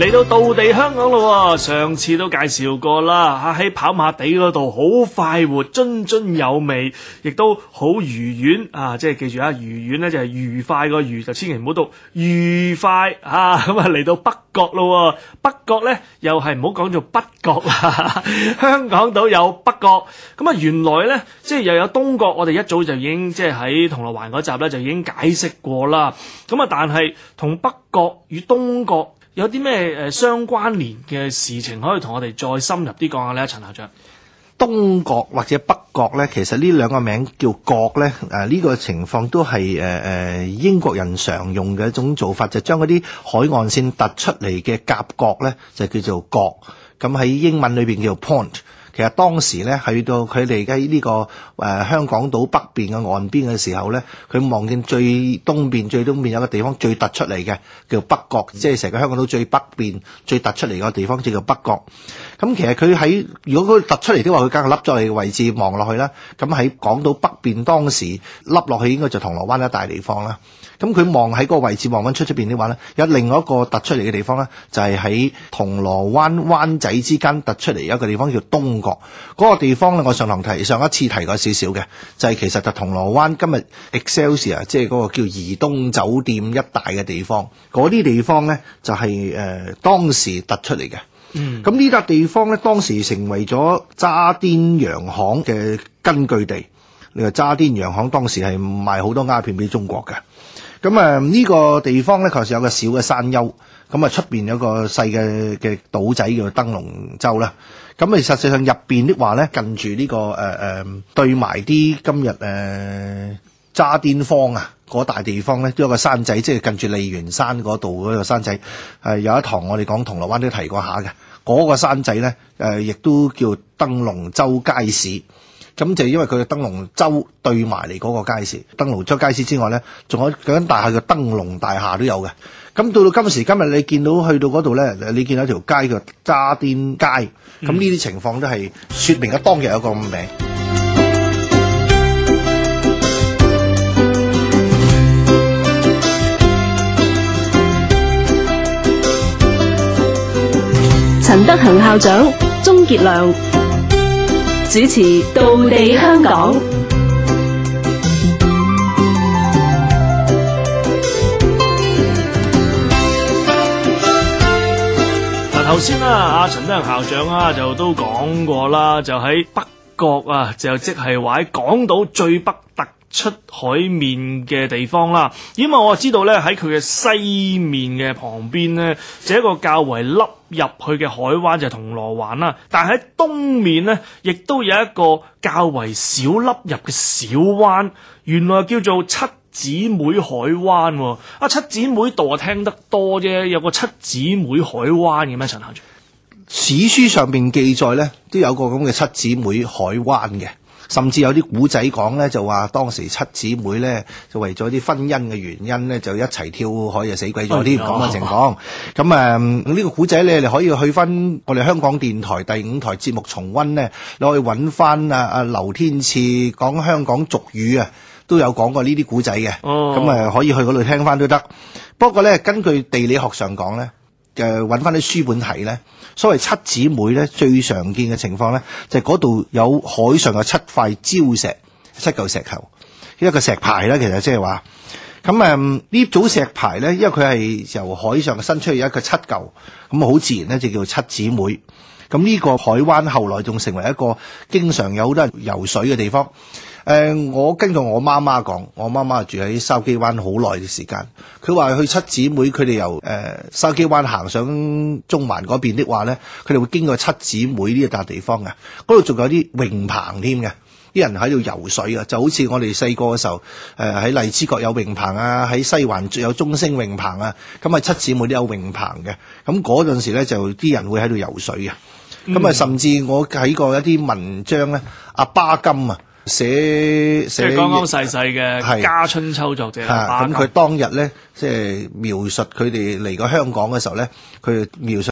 嚟到道地香港咯、哦，上次都介紹過啦，喺、啊、跑馬地嗰度好快活，津津有味，亦都好愉悅啊！即係記住啊，愉悅咧就係愉快個愉，就千祈唔好讀愉快啊！咁啊嚟到北角咯、哦，北角咧又係唔好講做北角啊，香港島有北角。咁啊，原來咧即係又有東角。我哋一早就已經即係喺銅鑼灣嗰集咧就已經解釋過啦。咁啊，但係同北角與東角。有啲咩誒相關連嘅事情可以同我哋再深入啲講下呢？陳校長。東角或者北角咧，其實呢兩個名叫角咧，誒、啊、呢、呢個情況都係誒誒英國人常用嘅一種做法，就是、將嗰啲海岸線突出嚟嘅夾角咧，就叫做角。咁喺英文裏邊叫做 point。其實當時咧，去到佢哋喺呢個誒、呃、香港島北邊嘅岸邊嘅時候咧，佢望見最東邊、最東邊有個地方最突出嚟嘅，叫北角，即係成個香港島最北邊最突出嚟個地方，叫北角。咁、嗯、其實佢喺如果佢突出嚟嘅話，佢間個凹咗嘅位置望落去啦。咁喺港島北邊當時凹落去應該就銅鑼灣一帶地方啦。咁佢望喺個位置望翻出出邊啲話咧，有另外一個突出嚟嘅地方咧，就係、是、喺銅鑼灣灣仔之間突出嚟有一個地方叫東。嗰個地方咧，我上堂提上一次提過少少嘅，就係、是、其實就銅鑼灣今日 Excelsior 即係嗰個叫怡東酒店一帶嘅地方，嗰啲地方咧就係、是、誒、呃、當時突出嚟嘅。咁呢笪地方咧，當時成為咗渣甸洋行嘅根據地。你話渣甸洋行當時係賣好多鴉片俾中國嘅。咁啊呢個地方咧，確實有個小嘅山丘，咁啊出邊有個細嘅嘅島仔叫做燈籠洲啦。咁、嗯、啊實際上入邊的話咧，近住呢、這個誒誒、呃、對埋啲今日誒渣甸坊啊嗰、那個、大地方咧，都有個山仔，即係近住利園山嗰度嗰個山仔，係、呃、有一堂我哋講銅鑼灣都提過下嘅嗰、那個山仔咧，誒、呃、亦都叫燈籠洲街市。咁就因為佢嘅燈籠洲對埋嚟嗰個街市，燈籠洲街市之外咧，仲有嗰間大廈叫燈籠大廈都有嘅。咁到到今時今日，你見到去到嗰度咧，你見到條街叫渣甸街，咁呢啲情況都係説明咗，當日有個名。陳德恒校長，鍾傑亮。主持道地香港。嗱、啊，頭先啦，阿陳德仁校長啊，就都講過啦，就喺北角啊，就即係話喺港島最北特。出海面嘅地方啦，因為我知道咧喺佢嘅西面嘅旁邊咧，就一個較為凹入去嘅海灣就係銅鑼灣啦。但喺東面咧，亦都有一個較為小凹入嘅小灣，原來叫做七姊妹海灣喎、啊。啊，七姊妹度啊聽得多啫，有個七姊妹海灣嘅咩陳生？史書上邊，記載咧，都有個咁嘅七姊妹海灣嘅。甚至有啲古仔講咧，就話當時七姊妹咧，就為咗啲婚姻嘅原因咧，就一齊跳海啊，死鬼咗啲咁嘅情況。咁誒、啊，嗯這個、呢個古仔咧，你可以去翻我哋香港電台第五台節目重温咧，你可以揾翻啊啊劉天賜講香港俗語啊，都有講過呢啲古仔嘅。哦，咁誒可以去嗰度聽翻都得。不過咧，根據地理學上講咧。嘅揾翻啲書本睇咧，所謂七姊妹咧，最常見嘅情況咧，就係嗰度有海上嘅七塊礁石、七嚿石頭，一個石牌啦，其實即係話，咁誒呢組石牌咧，因為佢係由海上伸出嚟有一個七嚿，咁好自然咧就叫做七姊妹。咁呢個海灣後來仲成為一個經常有好多人游水嘅地方。誒、呃，我跟住我媽媽講，我媽媽住喺筲箕灣好耐嘅時間。佢話去七姊妹，佢哋由誒筲箕灣行上中環嗰邊的話咧，佢哋會經過七姊妹呢一笪地方嘅。嗰度仲有啲泳棚添嘅，啲人喺度游水啊，就好似我哋細個嘅時候，誒、呃、喺荔枝角有泳棚啊，喺西環有中星泳棚啊，咁啊七姊妹都有泳棚嘅。咁嗰陣時咧，就啲人會喺度游水啊。咁啊，甚至我睇過一啲文章咧，阿、啊、巴金啊。寫寫即係剛剛逝世嘅《係家春秋作者》，係咁佢當日咧，即係描述佢哋嚟過香港嘅時候咧，佢描述。